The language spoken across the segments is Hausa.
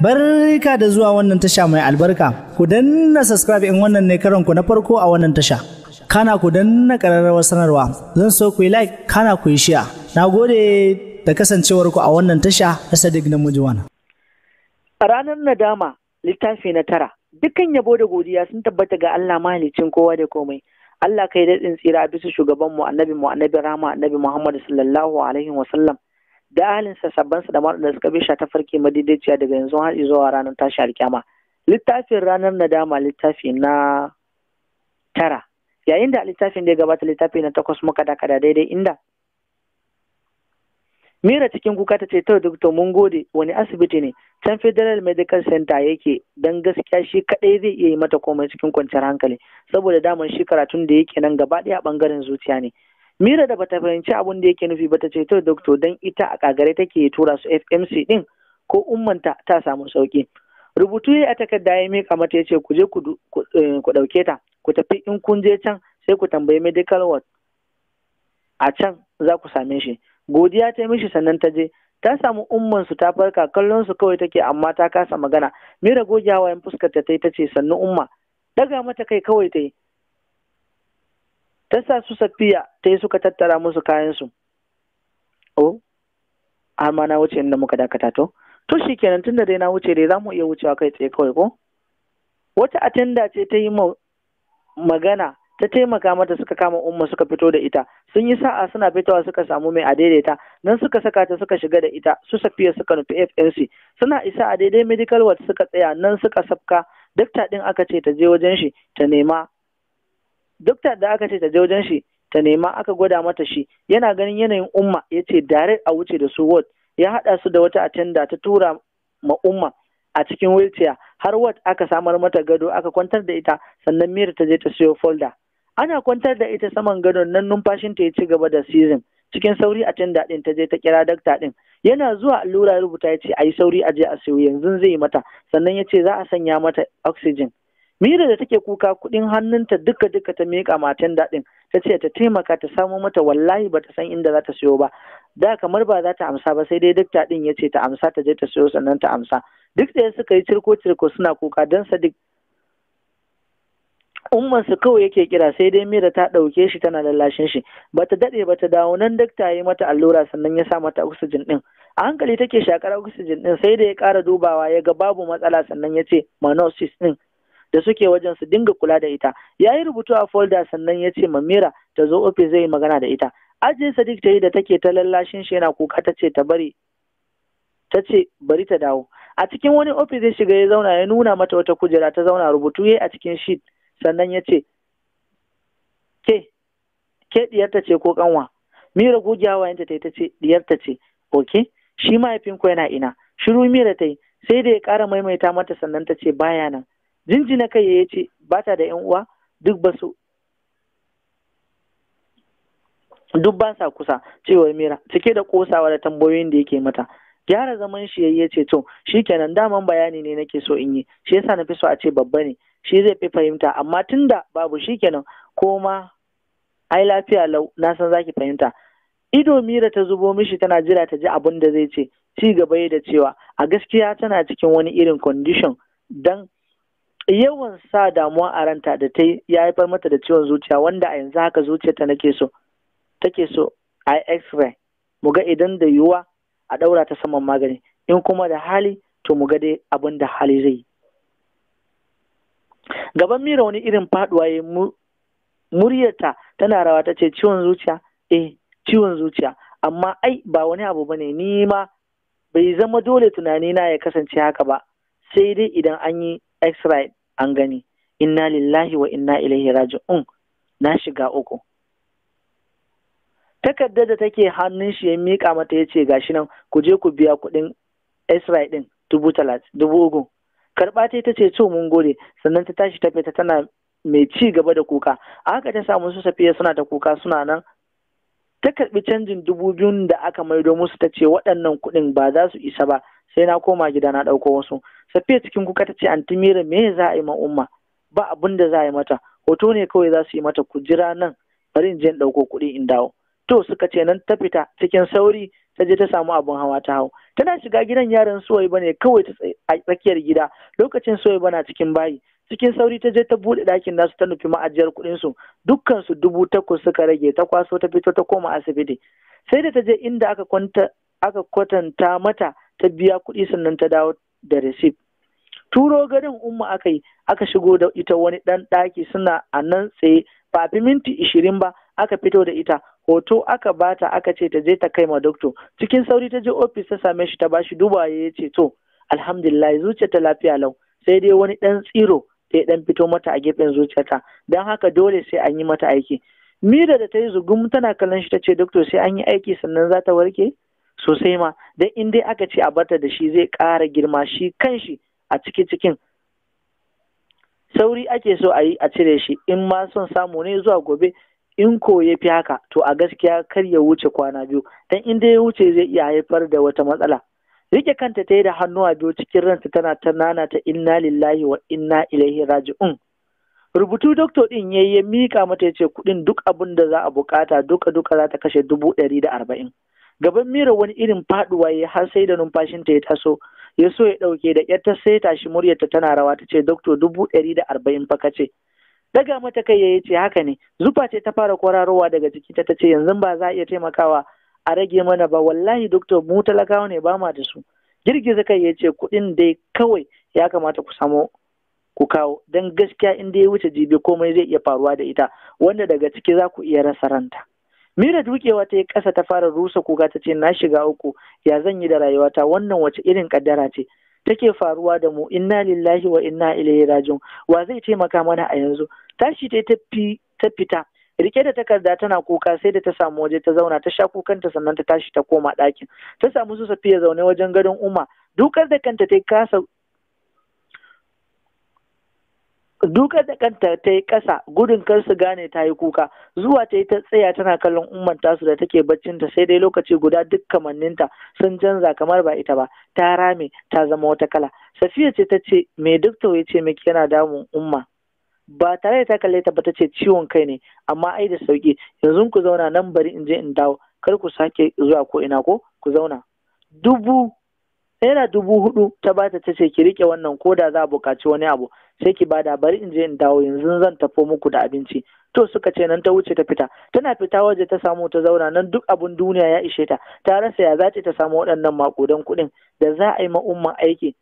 barka da zuwa wannan tasha mai albarka ku danna subscribe in wannan ne karan ku na farko a wannan tasha kana ku danna kararrawar sanarwa zan so ku yi like kana ku yi share gode da kasancewar ku a wannan tasha na Sadiq Namujiwana ranar nadama littafi na tara dukkan yabo da godiya sun tabbata ga Allah mahalicin kowa da komai Allah kai daɗin tsira bisa shugabanmu annabi mu annabi rama annabi Muhammad sallallahu alaihi Wasallam. da ahalinsa sabbansa da waɗanda suka bisha ta farke madaidaiciya daga yanzu har zuwa ranar tashi alkyama littafin ranar nadama littafi na tara yayin da littafin da ya gabata littafi na takwas muka da daidai inda mira cikin kuka ta ce to duk mun gode wani asibiti ne can federal medical center yake don gaskiya shi kadai zai iya yi mata komai cikin kwanciyar hankali saboda damar shi karatun da yake nan gaba daya bangaren zuciya ne Mira da bata fahimci abin da yake nufi ba ta ce to doctor dan ita a kagare take tura su FMC din ko ummanta ta samu sauki. Rubutu ya a takarda ya mika mata ya ce ku je eh, ku ɗauke ta ku tafi in kun je can sai ku tambayi medical ward a can za ku same shi. Godiya ta yi mishi sannan ta je ta samu umman su ta farka kallon su kawai take amma ta kasa magana. Mira gogewa yan fuskar ta ta ce sannu umma daga mata kai kawai ta yi ta sa su safiya ta yi suka tattara musu kayansu o har ma na wuce inda muka dakata to to shi kenan tunda dai na wuce dai za mu iya wucewa kai tsaye kawai ko wata atenda ce ta yi magana ta taimaka mata suka kama umma suka fito da ita sun yi sa'a suna fitowa suka samu mai a daidaita nan suka saka ta suka shiga da ita su safiya suka nufi FNC suna isa a daidai medical ward suka tsaya nan suka safka dakta din aka ce ta je wajen shi ta nema dokta da aka ce ta je wajen shi ta nema aka gwada mata shi yana ganin yanayin umma ya ce direct a wuce da su ward ya haɗa su da wata atenda ta tura ma umma a cikin wheelchair har wat aka samar mata gado aka kwantar da ita sannan mira ta je ta siyo folda ana kwantar da ita saman gadon nan numfashin ta ya ci gaba da season cikin sauri a tenda din ta je ta kira dakta din yana zuwa allura rubuta ya ce ayi sauri a je a siyo yanzu zai mata sannan ya ce za a sanya mata oxygen Mira da take kuka kuɗin hannunta duka duka ta miƙa matan daɗin ta ce ta taimaka ta samo mata wallahi ba ta san inda za ta siyo ba da kamar ba za ta amsa ba sai dai duk ɗin ya ce ta amsa ta je ta siyo sannan ta amsa duk da suka yi cirko cirko suna kuka don sadik umman su kawai yake kira sai dai mira ta ɗauke shi tana lallashin shi bata daɗe ba ta dawo nan duk ta yi mata allura sannan ya sa mata oxygen ɗin a hankali take shakar oxygen ɗin sai da ya ƙara dubawa ya ga babu matsala sannan ya ce manosis ɗin da suke wajen su dinga kula da ita ya yi rubutu a folda sannan ya ce ma mira ta zo ofis zai yi magana da ita ajiye sadiq ta yi da take ta lallashin shi yana kuka ta ce ta bari ta ce bari ta dawo a cikin wani ofis ya shiga ya zauna ya nuna mata wata kujera ta zauna rubutu ya a cikin sheet sannan ya ce ke ke diyarta ce ko kanwa mira gogiyawa yanta ta yi ta ce diyarta ce ok shi mahaifinku yana ina shiru mira ta yi sai da ya kara maimaita mata sannan ta ce baya nan jinjina kai ya ce ba ta da yan uwa duk ba su duk ba sa kusa cewar mira cike da kosawa da tambayoyin da yake mata gyara zaman shi ya ce to kenan daman bayani ne nake so in yi shi yasa na fi so a ce babba ne shi zai fi fahimta amma tunda babu shi kenan ko ma ai lafiya lau na san zaki fahimta ido mira ta zubo mishi tana jira ta ji abin da zai ce ci gaba da cewa a gaskiya tana cikin wani irin condition dan yawan sa damuwa a ranta da ta ya haifar mata da ciwon zuciya wanda a yanzu haka zuciyarta nake so take so a yi x-ray mu ga idan da yiwuwa a ɗaura ta saman magani in kuma da hali to mu ga dai abin da hali zai yi gaban mira wani irin faɗuwa ya muryarta tana rawa ta ce ciwon zuciya eh ciwon zuciya amma ai ba wani abu bane ni ma bai zama dole tunanina ya kasance haka ba sai dai idan an yi x-ray an gani inna lillahi wa inna ilaihi raji'un na shiga uku takardar da take hannun shi ya miƙa mata ya ce gashi nan ku je ku biya kuɗin Isra'il ɗin dubu talatin dubu ugu karɓa ta ta ce to mun gode sannan ta tashi ta fita tana mai ci gaba da kuka a haka ta samu su safiya suna ta kuka suna nan ta karɓi canjin dubu biyun da aka maido musu ta ce waɗannan kuɗin ba za su isa ba sai na koma gida na ɗauko wasu safiya cikin kuka ta ce anti mira me za a yi ma umma ba abin da za a yi mata hoto ne kawai za su yi mata ku jira nan bari in je in ɗauko kuɗi in dawo to suka ce nan ta fita cikin sauri ta je ta samu abin hawa ta hau tana shiga gidan yaran suwai ba ne kawai a tsakiyar gida lokacin suwai na cikin bayi cikin sauri ta je ta buɗe ɗakin nasu ta nufi ma'ajiyar kuɗin su dukkan dubu takwas suka rage ta kwaso ta fito ta koma asibiti sai da ta je inda aka kwanta aka kwatanta mata ta biya kuɗi sannan ta dawo da receipt turo garin umma aka yi aka shigo da ita wani ɗan ɗaki suna a nan tsaye ba fi minti ishirin ba aka fito da ita hoto aka bata aka ce ta je ta kai ma dokto cikin sauri ta je ofis ta same shi ta bashi duba ya ce to alhamdulillah zuciya ta lafiya lau sai dai wani ɗan tsiro ta ya ɗan fito mata a gefen zuciyarta don haka dole sai an yi mata aiki mira da ta yi zugum tana kallon shi ta ce dokto sai an yi aiki sannan za ta warke sosai ma don in dai aka ce a bata da shi zai ƙara girma shi kanshi a ciki cikin sauri ake so a yi a cire shi in ma son samu ne zuwa gobe in ko ya fi haka to a gaskiya kar ya wuce kwana biyu dan in dai ya wuce zai iya haifar da wata matsala rike kanta ta yi da hannuwa biyu cikin ranta tana ta nana ta inna lillahi wa inna ilaihi raji'un rubutu doktor din ya yi ya mika mata ya ce kudin duk abin da za a bukata duka duka za ta kashe dubu ɗari da arba'in gaban mira wani irin faduwa ya har sai da numfashinta ya taso ya so ya ɗauke da ƴar ta sai tashi muryarta tana rawa ta ce doktor dubu ɗari da arba'in fa kace daga mata kai ya ce haka ne zufa ce ta fara kwararowa daga jiki ta ce yanzu ba za a iya taimakawa a rage mana ba wallahi doktor mu talakawa ne ba ma da su girgiza kai ya ce kuɗin dai kawai ya kamata ku samo ku kawo don gaskiya in dai ya wuce jibi komai zai iya faruwa da ita wanda daga ciki za ku iya rasa ranta Mira dukewa ta yi kasa ta fara rusa kuka ta ce na shiga uku ya zan yi da rayuwata wannan wace irin kaddara ce take faruwa da mu inna lillahi wa inna ilaihi rajiun wa zai taimaka mana a yanzu tashi ta ta fita rike da takarda tana kuka sai da ta samu waje ta zauna ta sha kukanta sannan ta tashi ta koma ɗakin ta samu su safiya zaune wajen gadon umma dukar da kanta ta kasa dukar da kanta ta yi ƙasa gudun kar su gane ta yi kuka zuwa ta yi ta tsaya tana kallon umman tasu da take baccin ta. sai dai lokaci guda duk kamanninta sun canza kamar ba ita ba ta rame ta zama wata kala safiya ce ta ce me duk ya ce miki yana damun umma ba tare da ta kalle ta ba ta ce ciwon kai ne amma ai da sauki yanzu ku zauna nan bari in je in dawo kar ku sake zuwa ko ina ko ku zauna dubu naira dubu hudu ta bata ta ce ki rike wannan ko da za a buƙaci wani abu sai ki bada bari in je in dawo yanzu zan tafo muku da abinci to suka ce nan ta wuce ta fita tana fita waje ta samu ta zauna nan duk abun duniya ya ishe ta ta rasa ya za ta samu waɗannan makudan kuɗin da za a yi ma'umman aiki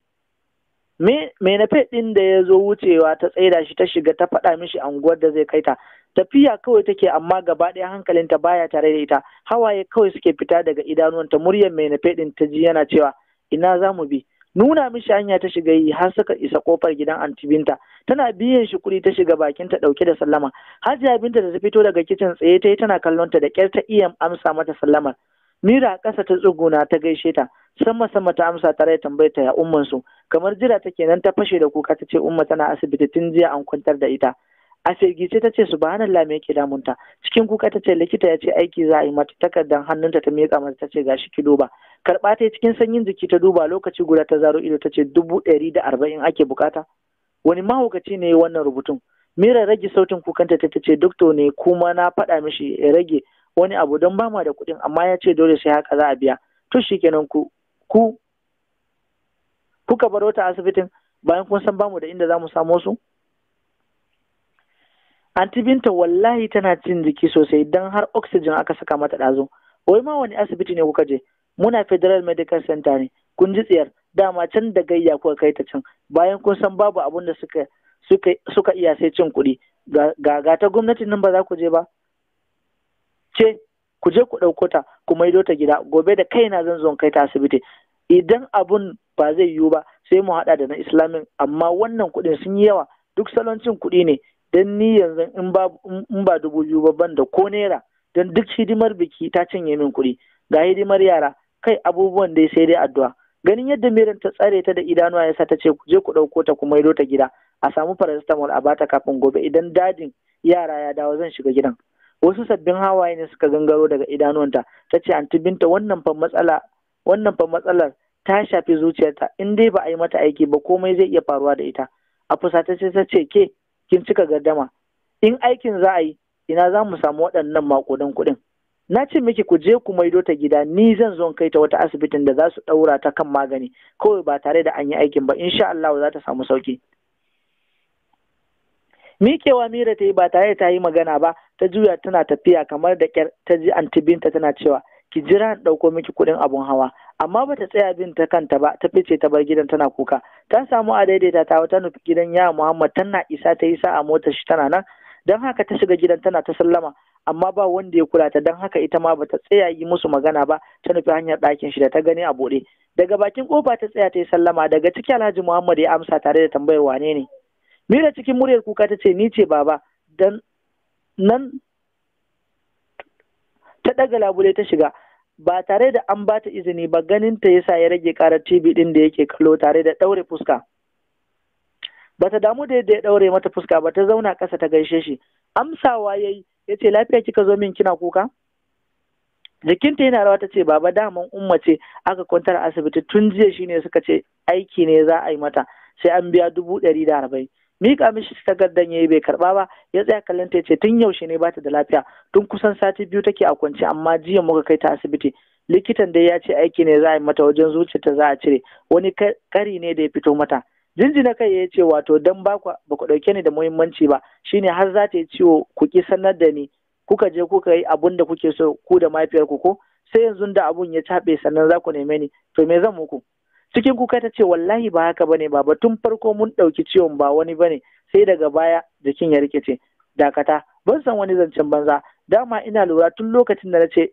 me na fe ɗin da ya zo wucewa ta tsaida shi ta shiga ta faɗa mishi anguwar da zai kai ta tafiya kawai take amma gaba ɗaya hankalinta baya tare da ita hawaye kawai suke fita daga idanuwanta muryar mai na fe ɗin ta ji yana cewa ina za mu bi nuna mishi hanya ta shiga yi har suka isa kofar gidan anti-binta. tana biyan shi kuɗi ta shiga bakin ta dauke da sallama hajiya binta da ta fito daga kicin tsaye ta yi tana kallon ta da kyar ta iya amsa mata sallamar mira ƙasa ta tsuguna ta gaishe ta sama sama ta amsa tare da tambayar ta ya umman su kamar jira ta kenan ta fashe da kuka ta ce umma tana asibiti tun jiya an kwantar da ita a firgice ta ce su ba hannun me yake damunta cikin kuka ta ce likita ya ce aiki za a yi mata takardar hannunta ta miƙa mata ta ce gashi ki duba karɓa ta cikin sanyin jiki ta duba lokaci guda ta zaro ido ta ce dubu ɗari da arba'in ake bukata wani mahaukaci ne wannan rubutun mira rage sautin kukanta ta ce dokto ne kuma na faɗa mishi ya rage wani abu don ba ma da kuɗin amma ya ce dole sai haka za a biya to shikenan ku ku kuka baro ta asibitin bayan kun san bamu da inda za mu samo su anti binta wallahi tana cin jiki sosai don har oxygen aka saka mata ɗazu wai ma wani asibiti ne kuka je muna federal medical center ne kun ji tsiyar dama can da gayya kuka kai ta can bayan kun san babu abun da suka suka suka iya sai cin kuɗi ga ga ta gwamnati nan ba za ku je ba ce ku je ku ɗauko ta ku maido ta gida gobe da kaina zan zo kai ta asibiti idan abun ba zai yiwu ba sai mu haɗa da na islamin amma wannan kuɗin sun yi yawa duk salon cin kuɗi ne don ni yanzu in ba dubu biyu ba ban da ko naira don duk hidimar biki ta cinye min kuɗi ga hidimar yara kai abubuwan dai sai dai addu'a ganin yadda miran ta tsare ta da idanuwa yasa ta ce je ku ɗauko ta kuma yi ta gida a samu paracetamol a bata kafin gobe idan dadin yara ya dawo zan shiga gidan wasu sabbin hawaye ne suka gangaro daga idanuwanta ta ce anti binta wannan fa matsala wannan fa matsalar ta shafi zuciyarta in dai ba a yi mata aiki ba komai zai iya faruwa da ita a fusata ce ta ce ke kin cika gardama in aikin za a yi ina za mu samu waɗannan makudan kuɗin na ce miki ku je ku maido ta gida ni zan zo kai ta wata asibitin da za su ɗaura ta kan magani kawai ba tare da an yi aikin ba insha Allah za ta samu sauki miƙewa mira ta yi ba tare ta yi magana ba ta juya tana tafiya kamar da ƙyar ta ji antibinta tana cewa ki jira in ɗauko miki kuɗin abun hawa amma bata tsaya bin ta kanta ba ta fice ta bar gidan tana kuka ta samu a daidaita ta wata nufi gidan ya Muhammad tana isa ta yi sa'a motar shi tana nan don haka ta shiga gidan tana ta sallama amma ba wanda ya kula ta don haka ita ma bata tsaya yi musu magana ba ta nufi hanyar ɗakin shi da ta gani a buɗe daga bakin kofa ta tsaya ta yi sallama daga ciki alhaji muhammad ya amsa tare da tambayar wane ne mira cikin muryar kuka ta ce ni ce baba dan nan ta ɗaga labule ta shiga ba tare da an bata izini ba ganin ta yasa ya rage karar TV din da yake kallo tare da ɗaure fuska bata damu da yadda ya ɗaure mata fuska ba ta zauna ƙasa ta gaishe shi amsawa yayi ya ce lafiya kika zo min kina kuka jikinta yana rawa ta ce baba daman umma ce aka kwantar asibiti tun jiya shine suka ce aiki ne za a yi mata sai an biya dubu ɗari da arba'in mika mishi takardan yayi bai karba ba ya tsaya kallon ta ce tun yaushe ne bata da lafiya tun kusan sati biyu take a kwance amma jiya muka kai ta asibiti likitan dai ya ce aiki ne za a yi mata wajen zuciyarta za a cire wani kari ne da ya fito mata jinjina kai ya ce wato dan ba ba ku dauke ni da muhimmanci ba shine har za ta yi ciwo ku ki sanar da ni kuka je kuka yi abun da kuke so ku da mafiyar ku ko sai yanzu da abun ya caɓe sannan za ku neme ni to me zan muku cikin kuka ta ce wallahi ba haka bane ba tun farko mun ɗauki ciwon ba wani bane sai daga baya jikin ya rikice dakata ban san wani zancen banza dama ina lura tun lokacin da na ce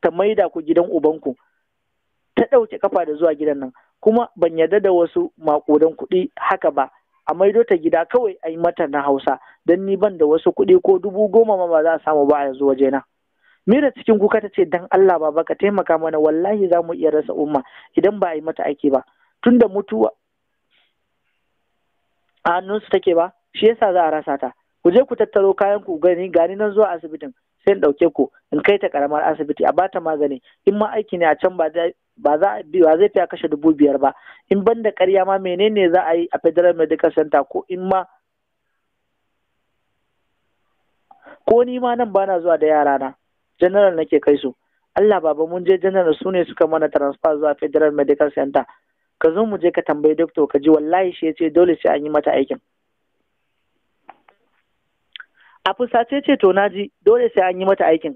ta maida ku gidan ubanku ta ɗauke kafa da zuwa gidan nan kuma ban yarda da wasu maƙudan kuɗi haka ba a maido ta gida kawai a yi mata na hausa don ni ban da wasu kuɗi ko dubu goma ma ba za a samu ba a yanzu na? mira cikin kuka ta ce dan Allah ba ka taimaka mana wallahi za mu iya rasa umma idan ba a yi mata aiki ba tunda mutuwa a hannunsu take ba shi yasa za a rasa ta ku je ku tattaro kayan ku gani gani nan zuwa asibitin sai in ɗauke ku in kai ta karamar asibiti a bata magani in ma aiki ne a can ba ba za ba zai fiya kashe dubu biyar ba in ban da ma menene za a yi a federal medical center ko in ma ko ni ma nan bana zuwa da yara na general nake kai su Allah baba mun je general su ne suka mana transfer zuwa federal medical center ka zo mu je ka tambayi doctor ka ji wallahi shi ya ce dole sai an yi mata aikin a fusace ce to naji dole sai an yi mata aikin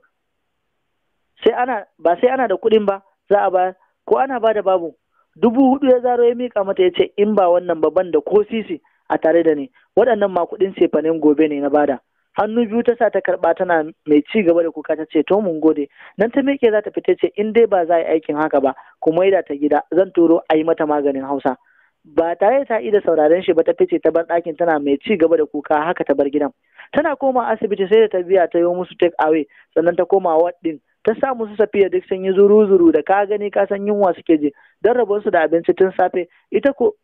sai ana ba sai ana da kuɗin ba za a ba ko ana bada babu dubu hudu ya zaro ya mika mata ya ce in ba wannan baban da ko sisi a tare da ni waɗannan ma kuɗin cefanen gobe ne na bada hannu biyu ta sa ta karɓa tana mai ci gaba da kuka ta ce to mun gode nan ta miƙe za ta fita ce in dai ba za a yi aikin haka ba kuma da ta gida zan turo a yi mata maganin hausa ba tare ta ida sauraren shi ba ta fice ta bar ɗakin tana mai ci gaba da kuka haka ta bar gidan tana koma asibiti sai da ta biya ta yi musu take away sannan ta koma waɗin ta sa musu safiya duk sun yi zuru zuru da ka gani ka san yunwa suke je don rabon su da abinci tun safe ita ko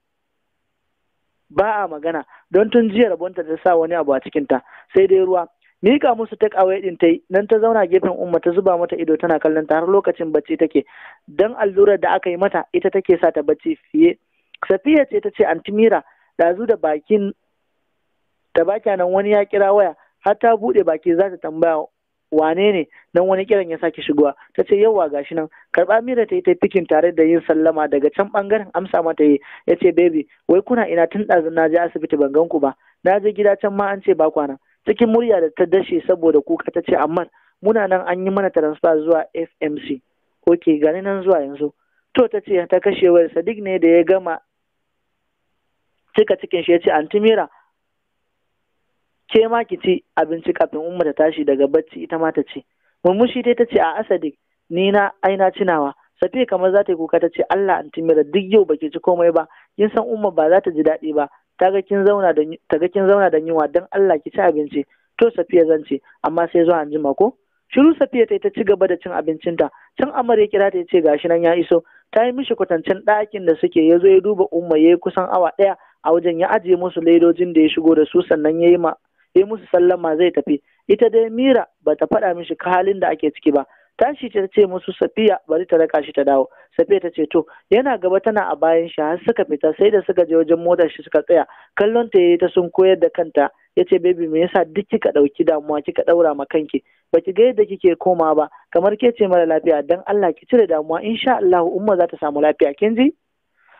ba a magana don tun jiya rabonta ta sa wani abu a cikinta sai dai ruwa mika musu ta ɗin din ta nan ta zauna gefen umma ta zuba mata ido tana kallon ta har lokacin bacci take dan allurar da aka yi mata ita take sa ta bacci fiye safiya ce ta ce antimira dazu da bakin da baki nan wani ya kira waya har ta bude baki za ta tambaya wane ne wani kiran ya sake shigowa ta ce wa gashi nan karba mira ta yi ta fikin tare da yin sallama daga can bangaren amsa mata yi ya ce baby wai kuna ina tun ɗazu na je asibiti ban gan ku ba na je gida can ma an ce ba kwana cikin murya da ta dashe saboda kuka ta ce amma muna nan an yi mana transfer zuwa FMC ok gani nan zuwa yanzu to ta ce ta kashe wayar sadiq ne da ya gama cika cikin shi ya ce antimira ke ma ki ci abinci kafin umma ta tashi daga bacci ita ma ta ce. murmushi dai ta ce a asadi ni na aina cinawa safiya kamar za ta yi kuka ta ce Allah an timira duk yau baki ci komai ba kin san umma ba za ta ji daɗi ba ta ga kin zauna da ta ga kin yunwa dan Allah ki ci abinci to safiya zan ce amma sai zuwa anjima ko shiru safiya ta yi ta ci gaba da cin abincinta can amar ya kira ta ya ce gashi nan ya iso ta yi mishi kwatancin ɗakin da suke ya zo ya duba umma ya yi kusan awa ɗaya a wajen ya ajiye musu ledojin da ya shigo da su sannan ya yi ma yi musu sallama zai tafi ita dai mira ba ta faɗa mishi halin da ake ciki ba tashi ta ce musu safiya bari ta raka shi ta dawo safiya ta ce to yana gaba tana a bayan shi har suka fita sai da suka je wajen motar shi suka tsaya kallon ta yayi ta sun koyar da kanta ya ce baby me yasa duk kika ɗauki damuwa kika ɗaura ma kanki baki ga yadda kike koma ba kamar ke ce mara lafiya dan Allah ki cire damuwa insha Allah umma za ta samu lafiya kin ji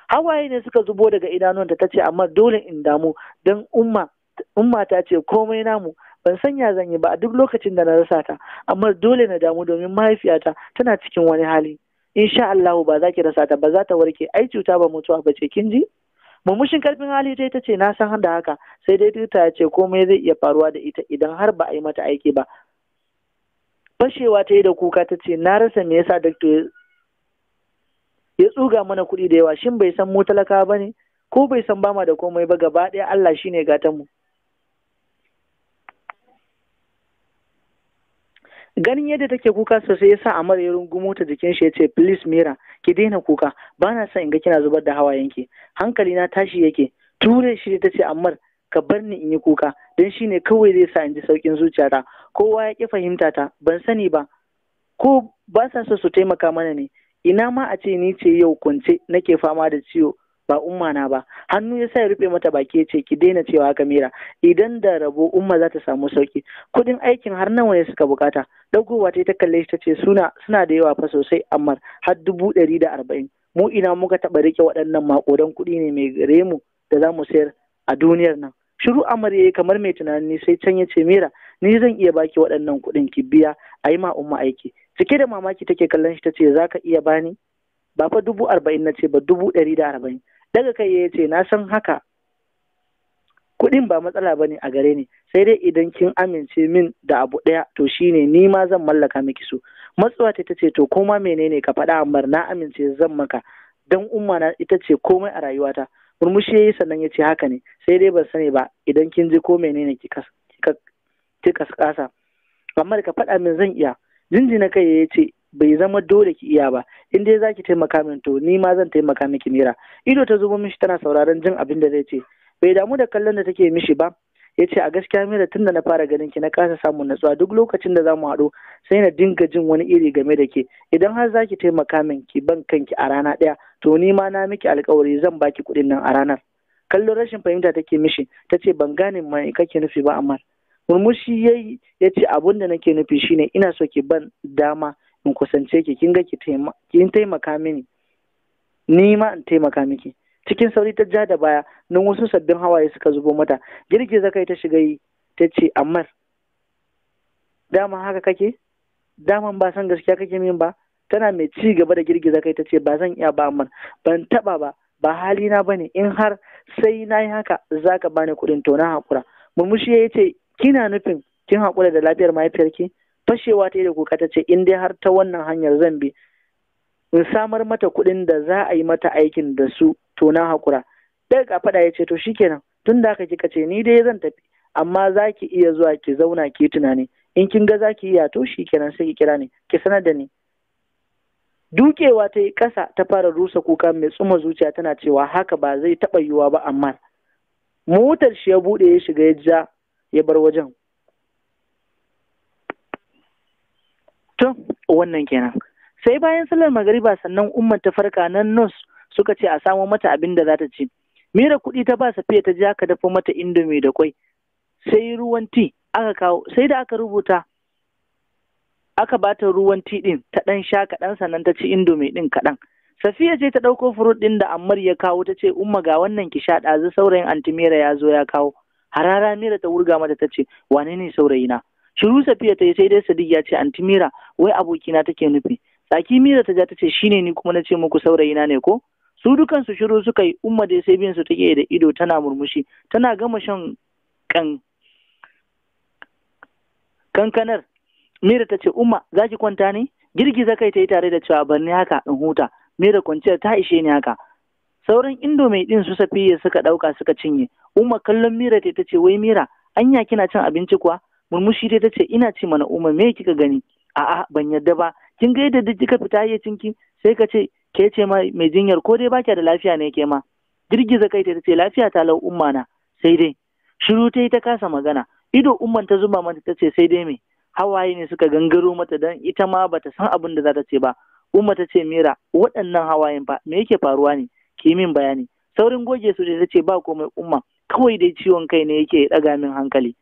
hawaye ne suka zubo daga idanunta ta ce amma dole in damu dan umma in ta ce komai namu ban sanya zan yi ba a duk lokacin da na rasa ta amma dole na damu domin mahaifiyata tana cikin wani hali insha Allah ba za ki rasa ta ba za ta warke ai cuta ba mutuwa ba ce kin ji murmushin karfin hali dai ta ce na san da haka sai dai ta ce komai zai iya faruwa da ita idan har ba a yi mata aiki ba fashewa ta yi da kuka ta ce na rasa me yasa doctor ya tsuga mana kuɗi da yawa shin bai san mu talaka ba ne ko bai san bama da komai ba gaba ɗaya Allah shine gatan mu ganin yadda take kuka sosai yasa Amar ya rungumo ta jikin shi yace please Mira ki daina kuka ba na son in ga kina zubar da hawa, yanki." hankali na tashi yake ture shi ta ce Amar ka bar ni in yi kuka don shi ne kawai zai sa in ji saukin zuciyata kowa ya ki fahimta ta ban sani ba ko ba sa so su taimaka mana ne ina ma a ce ni ce yau kwance nake fama da ciwo ba umma na ba hannu ya sa ya rufe mata baki ya ce ki daina cewa haka mira idan da rabo umma za ta samu sauki kudin aikin har nawa ne suka bukata dagowa ta ta kalle shi ta ce suna suna da yawa fa sosai amma har dubu ɗari da arba'in mu ina muka taɓa rike waɗannan maƙudan kuɗi ne mai gare mu da za mu sayar a duniyar nan shiru amar yi kamar mai tunani sai can ya ce mira ni zan iya baki waɗannan kuɗin ki biya a yi ma umma aiki cike da mamaki take kallon shi ta ce za ka iya bani ba fa dubu arba'in na ce ba dubu ɗari da arba'in daga kai ya ce na san haka kuɗin ba matsala ba ne a gare ni sai dai idan kin amince min da abu ɗaya to shine ni ma zan mallaka miki su matsuwa ta ce to koma menene ka faɗa ambar na amince zan maka dan umma na ita ce komai a rayuwata murmushi yayi sannan ya ce haka ne sai dai ban sani ba idan kin ji ko menene kika kasa amma ka faɗa min zan iya jinjina kai ya ce bai zama dole ki iya ba in dai zaki taimaka min to ni ma zan taimaka miki mira ido ta zubo mishi tana sauraron jin abin da zai ce bai damu da kallon da take mishi ba ya ce a gaskiya mira tunda na fara ganin ki na kasa samun natsuwa duk lokacin da za mu haɗu sai na dinga jin wani iri game da ke idan har zaki taimaka min ki ban kanki a rana ɗaya to ni ma na miki alkawari zan baki kuɗin nan a ranar kallon rashin fahimta take mishi ta ce ban gane mai kake nufi ba amma murmushi ya yi ya ce abin da nake nufi shine ina so ki ban dama in kusance ki kin ga ki kin taimaka mini ni ma in taimaka miki cikin sauri ta ja da baya nan wasu sabbin hawaye suka zubo mata zaka yi ta shiga yi ta ce ammar dama haka kake daman ba san gaskiya kake min ba tana mai ci gaba da girgiza kai ta ce ba zan iya ba amma ban taba ba ba halina ba ne in har sai na yi haka zaka bani kuɗin to na hakura murmushi ya ce kina nufin kin hakura da lafiyar mahaifiyarki fashewa ta yi da kuka ta ce in dai har ta wannan hanyar zan bi in samar mata kuɗin da za a yi mata aikin da su to na hakura daga faɗa ya ce to shikenan tun da haka kika ce ni dai zan tafi amma za ki iya zuwa ki zauna ki tunani in kin ga za ki iya to shikenan sai ki kira ni ki sanar da ni dukewa ta yi ƙasa ta fara rusa kuka mai tsuma zuciya tana cewa haka ba zai taɓa yiwuwa ba amma motar shi ya buɗe ya shiga ya ja ya bar wajen to wannan kenan sai bayan sallar magariba sannan umma ta farka nan nos suka ce a samo mata abin da za ta ci mira kuɗi ta ba safiya ta je aka dafa mata indomi da kwai sai ruwan ti aka kawo sai da aka rubuta aka ba ta ruwan ti ɗin ta ɗan sha kaɗan sannan ta ci indomi ɗin kaɗan safiya ce ta ɗauko furut ɗin da ammar ya kawo ta ce umma ga wannan ki sha ɗazu saurayin antimira ya zo ya kawo harara mira ta wurga mata ta ce wane ne saurayina shiru safiya ta yi sai dai sadiq ya ce anti mira wai abokina take nufi tsaki mira ta ja ta ce shine ni kuma na ce muku saurayina ne ko su dukansu shiru suka yi umma dai sai biyan su take da ido tana murmushi tana gama shan kan kankanar mira ta ce umma za ki kwanta ne girgiza kai ta yi tare da cewa ban ni haka in huta mira kwanciyar ta ishe ni haka sauran mai din su safiya suka ɗauka suka cinye umma kallon mira ta ce wai mira anya kina cin abinci kuwa murmushi dai ta ce ina ce mana umma me kika gani a'a ban yadda ba kin ga yadda duk kika fita ya cinki sai ka ce ke ce ma mai jinyar ko dai baki da lafiya ne ke ma girgiza kai ta ce lafiya ta lau umma na sai dai shiru ta yi ta kasa magana ido umman ta zuba mata ta ce sai dai me hawaye ne suka gangaro mata dan ita ma bata san abin da za ta ce ba umma ta ce mira waɗannan hawayen fa me yake faruwa ne ki min bayani saurin goge su ta ce ba komai umma kawai dai ciwon kai ne yake ɗaga min hankali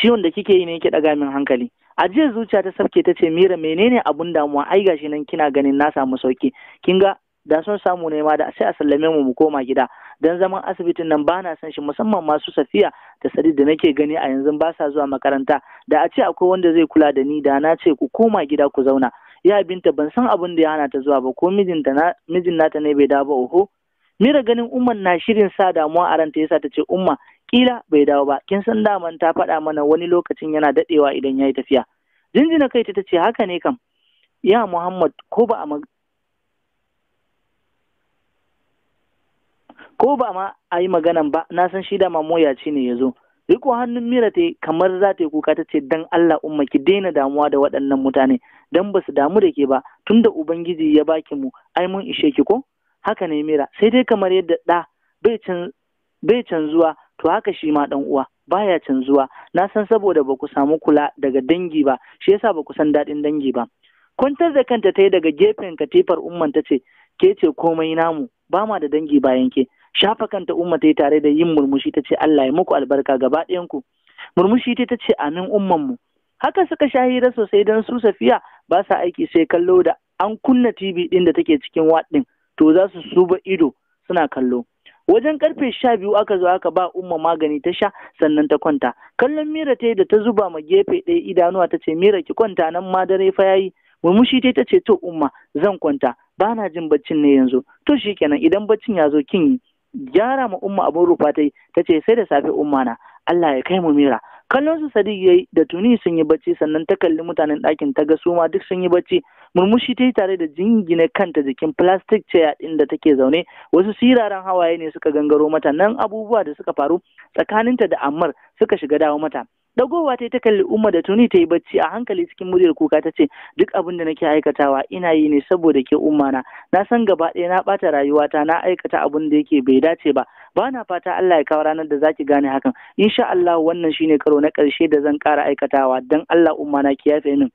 ciwon da kike yi ne yake ɗaga min hankali a jiya zuciya ta sabke ta ce mira menene abun damuwa ai gashi nan kina ganin na samu sauki kin ga da sun samu ne ma da sai a sallame mu mu koma gida dan zaman asibitin nan ba na son shi musamman masu safiya da sadi da nake gani a yanzu ba sa zuwa makaranta da a ce akwai wanda zai kula da ni da na ce ku koma gida ku zauna ya binta ban san abin da ya hana ta zuwa ba ko mijinta na mijin nata ne bai dawo ba oho mira ganin umman na shirin sa damuwa a ranta yasa ta ce umma kila bai dawo ba kin san daman ta faɗa mana wani lokacin yana daɗewa idan ya yi tafiya jinjina kai ta ce haka ne kam ya muhammad ko ba a ko ba ma a yi magana ba na san shi da mamoya ce ne ya zo riko hannun mira ta kamar za ta yi kuka ta ce dan Allah umma ki daina damuwa da waɗannan mutane dan ba su damu da ke ba tunda ubangiji ya baki mu ai mun ishe ki ko haka ne mira sai dai kamar yadda ɗa bai can zuwa. to haka shi ma dan uwa baya canzuwa na san saboda ba ku samu kula daga dangi ba shi yasa ba ku san daɗin dangi ba kwantar da kanta ta yi daga gefen katifar umman ta ce ke ce komai namu ba ma da dangi bayan ke shafa kanta umma ta yi tare da yin murmushi ta ce Allah ya muku albarka gaba ku murmushi ta ta ce amin umman mu haka suka sha hira sosai dan su safiya ba sa aiki sai kallo da an kunna tv ɗin da take cikin waɗin din to za su suba ido suna kallo wajen karfe sha biyu aka zo aka ba umma magani ta sha sannan ta kwanta kallon mira ta da ta zuba ma gefe ɗaya idanuwa ta ce mira ki kwanta nan ma dare fa yayi murmushi ta ce to umma zan kwanta bana jin baccin ne yanzu to kenan!" idan baccin ya zo kin gyara ma umma abin rufa ta yi ta ce sai da safe umma na Allah ya kai mu mira kallon su sadiq yayi da tuni sun yi bacci sannan ta kalli mutanen ɗakin ta ga suma, duk sun yi bacci murmushi ta yi tare da jingine kanta jikin plastic chair ɗin da take zaune wasu siraran hawaye ne suka gangaro mata nan abubuwa da suka faru tsakaninta da amar suka shiga dawo mata dagowa ta yi ta kalli umma da tuni ta yi bacci a hankali cikin muryar kuka ta ce duk abin da nake aikatawa ina yi ne saboda ke umma na na san gaba ɗaya na ɓata rayuwata na aikata abin da yake bai dace ba ba na fata Allah ya kawo ranar da zaki gane hakan insha Allah wannan shine karo na ƙarshe da zan ƙara aikatawa dan Allah umma na ki yafe min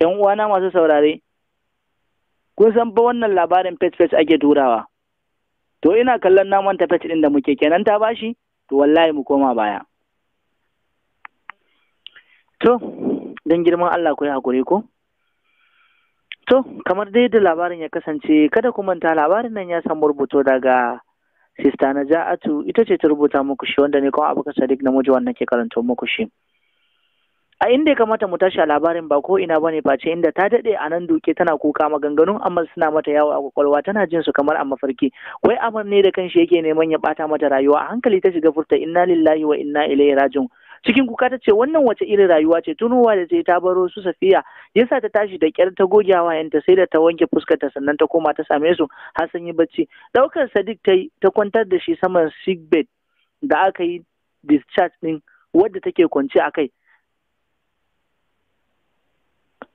‘yan uwana masu saurare, kun san ba wannan labarin fes-fes ake turawa, to ina kallon naman ta fes ɗin da muke kenan ta bashi, to wallahi mu koma baya. To, don girman Allah ku yi haƙuri ko? To, kamar dai da labarin ya kasance, kada ku manta labarin nan ya samu rubuto daga Sista na Ja'atu, ita ce ta rubuta muku shi wanda ne kawai abu ka sadik na muji wannan ke karanto muku shi. a inda ya kamata mu tashi a labarin ba ko ina bane face inda ta dade a nan duke tana kuka maganganun amal suna mata yawo a kwakwalwa tana jin su kamar a mafarki wai amal ne da kanshi yake neman ya bata mata rayuwa a hankali ta shiga furta inna lillahi wa inna ilaihi rajiun cikin kuka ta ce wannan wace irin rayuwa ce tunowa da ce ta baro su safiya yasa ta tashi da kyar ta goge hawayenta sai da ta wanke ta sannan ta koma ta same su har sun yi bacci daukar sadiq ta ta kwantar da shi saman sick da aka yi discharge din wadda take kwance a kai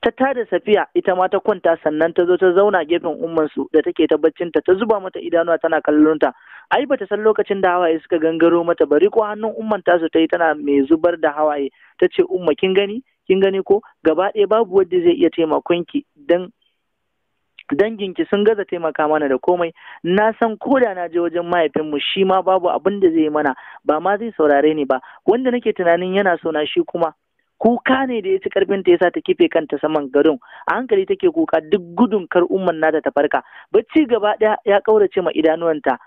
ta tada safiya ita ma ta kwanta sannan ta zo ta zauna gefen ummansu da take ta baccinta ta zuba mata idanuwa tana kallon ta ai bata san lokacin da hawaye suka gangaro mata bari ko hannun umman tasu ta yi tana mai zubar da hawaye ta ce umma kin gani kin gani ko gaba ɗaya babu wanda zai iya taimakon ki dan danginki sun gaza taimaka mana da komai na san koda na je wajen mahaifinmu shi ma babu abin da zai yi mana ba ma zai saurare ni ba wanda nake tunanin yana so na shi kuma kuka ne da ya ci karfin ta yasa ta kife kanta saman garin. a hankali take kuka duk gudun kar umman nata ta farka bacci gaba ɗaya ya kaurace ma idanuwanta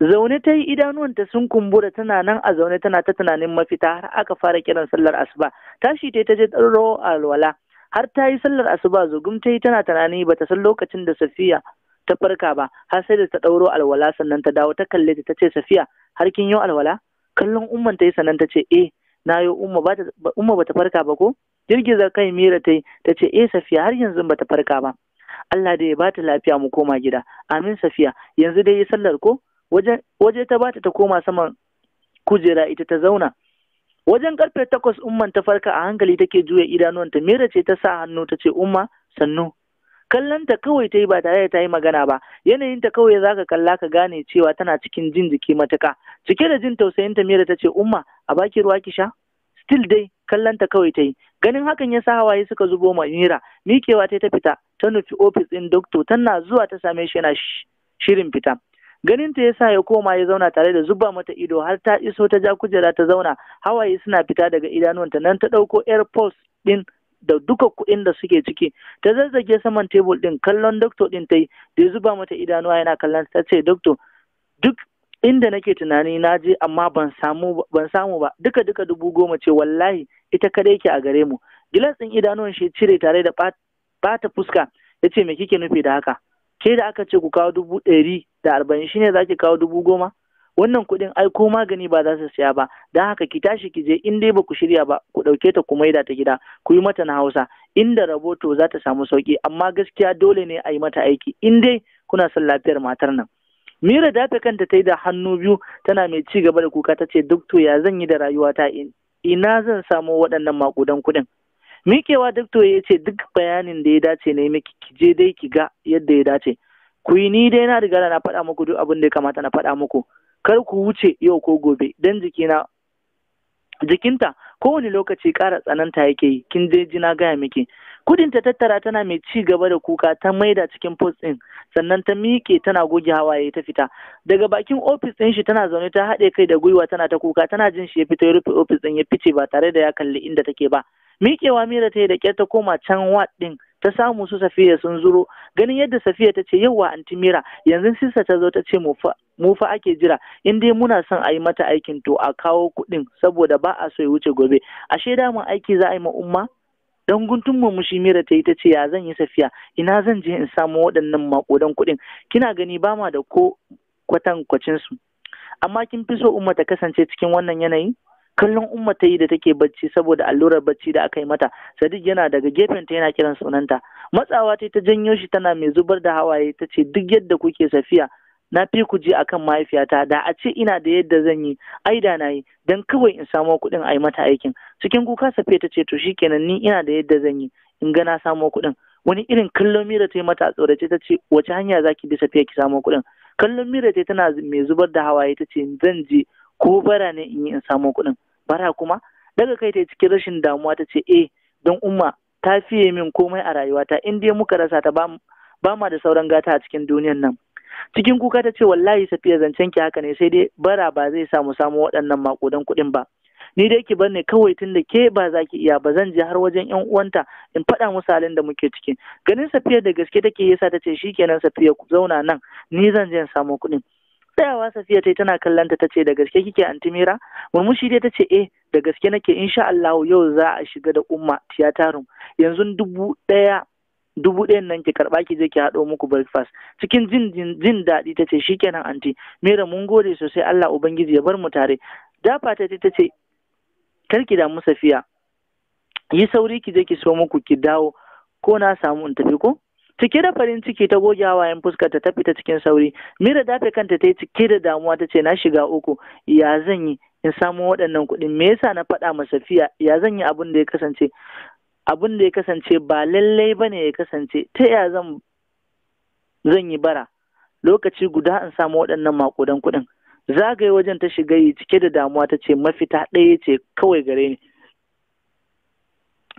zaune ta yi idanuwanta sun kumbura tana nan a zaune tana ta tunanin mafita har aka fara kiran sallar asuba tashi ta ta je tsaro alwala har ta yi sallar asuba zugum ta yi tana tunani ta san lokacin da safiya ta farka ba har sai da ta ɗauro alwala sannan ta dawo ta kalle ta ce safiya har kin yi alwala kallon umman ta yi sannan ta ce eh na yo umma ba umma bata farka ba ko girgiza kai mira ta ta ce eh safiya har yanzu bata farka ba Allah da ya bata lafiya mu koma gida amin safiya yanzu dai yi sallar ko waje ta bata ta koma saman kujera ita ta zauna wajen karfe takwas umman ta farka a hankali take juya idanuwanta mira ce ta sa hannu ta ce umma sannu kallonta kawai ta yi ba tare da ta yi magana ba yanayinta kawai za ka kalla ka gane cewa tana cikin jin jiki matuka cike da jin tausayin ta mira ta ce umma a baki ruwa ki sha still dai kallanta kawai ta yi ganin hakan ya sa hawaye suka zubo ma mira mikewa ta ta fita ta nufi ofis ɗin dokto tana zuwa ta same shi yana shirin fita ganin ta yasa ya koma ya zauna tare da zuba mata ido har ta iso ta ja kujera ta zauna hawaye suna fita daga idanuwanta nan ta ɗauko airpods ɗin da duka kuɗin da suke ciki ta zazzage saman tebul ɗin kallon dokto ɗin ta yi da ya zuba mata idanuwa yana kallon ta ce dokto duk inda nake tunani na je amma ban samu ban samu ba duka duka dubu goma ce wallahi ita kadai yake a gare mu gilas din idanuwan shi cire tare da bata fuska yace me kike nufi da haka ke da aka ce ku kawo dubu ɗari da arba'in shine za ki kawo dubu goma wannan kuɗin ai ko magani ba za su siya ba don haka ki tashi ki je in dai ba ku shirya ba ku ɗauke ta ku maida ta gida ku yi mata na hausa inda raboto za ta samu sauƙi amma gaskiya dole ne a yi mata aiki in dai kuna son lafiyar matar nan mira dafe kanta ta yi da hannu biyu tana mai ci gaba da kuka ta ce duk ya zan yi da rayuwata ina zan samo waɗannan makudan kuɗin Mikewa duk ya ce duk bayanin da ya dace ne miki ki je dai ki ga yadda ya dace ku yi ni dai na riga na faɗa muku duk abin da ya kamata na faɗa muku kar ku wuce yau ko gobe dan jikina jikinta kowane lokaci ƙara tsananta yake yi kin je ji na gaya miki kudin ta tattara tana mai ci gaba da kuka ta maida cikin post din sannan ta miƙe tana goge hawaye ta fita daga bakin ofis din shi tana zaune ta haɗe kai da gwiwa tana ta kuka tana jin shi ya fito ya rufe ofis din ya fice ba tare da ya kalli inda take ba miƙewa mira ta yi da ƙyar ta koma can wat din ta samu su safiya sun zuro ganin yadda safiya ta ce yauwa anti mira yanzu sista ta zo ta ce mu mu fa ake jira in dai muna son a yi mata aikin to a kawo kuɗin saboda ba a so ya wuce gobe ashe damun aiki za a yi ma umma dan guntun murmushi mira ta yi ta ce ya zan yi safiya ina zan je in samo waɗannan makodan kuɗin kina gani ba ma da ko kwacin su amma kin fi so umma ta kasance cikin wannan yanayi kallon umma ta yi da take bacci saboda allurar bacci da aka yi mata sadiq yana daga gefen ta yana kiran sunanta matsawa ta ta janyo shi tana mai zubar da hawaye ta ce duk yadda kuke safiya na fi ku je akan mahaifiyata da a ce ina da yadda zan yi ai da na yi dan kawai in samo kuɗin a yi mata aikin cikin kuka safe ta ce to shikenan ni ina da yadda zan yi in ga na samo kuɗin wani irin kallon mira ta yi mata a tsorace ta ce wace hanya zaki bi safiya ki samo kuɗin kallon mira ta tana mai zubar da hawaye ta ce zan je ko bara ne in yi in samo kuɗin bara kuma daga kai ta cikin rashin damuwa ta ce eh don umma ta fiye min komai a rayuwata in dai muka rasa ta ba ma da sauran gata a cikin duniyan nan cikin kuka ta ce wallahi safiya zancen ki haka ne sai dai bara ba zai samu samu waɗannan makudan kuɗin ba ni dai ki bar ne kawai tun da ke ba za ki iya ba zan je har wajen yan uwanta in faɗa musu halin da muke ciki ganin safiya da gaske take yasa ta ce shikenan safiya ku zauna nan ni zan je in samu kuɗin tsayawa safiya ta tana kallon ta tace da gaske kike antimira murmushi dai ta ce eh da gaske nake insha Allah yau za a shiga da umma tiyatarum yanzu dubu ɗaya dubu ɗayan nan ki karɓa ki je ki haɗo muku breakfast cikin jin jin daɗi ta ce shi kenan anti mera mun gode sosai Allah ubangiji ya bar mu tare Da fata ta ce kar ki damu safiya yi sauri ki je ki so muku ki dawo ko na samu in tafi ko cike da farin ciki ta goge hawayen fuska ta ta fita cikin sauri mira dafe kanta ta yi cike da damuwa ta ce na shiga uku ya zan yi in samu waɗannan kuɗin me yasa na faɗa ma safiya ya zan yi abin da ya kasance abin da ya kasance ba lallai ba ne ya kasance ta ya zan yi bara lokaci guda in samu waɗannan makudan kuɗin zagaye wajen ta shiga yi cike da damuwa ta ce mafita ɗaya ce kawai gare ni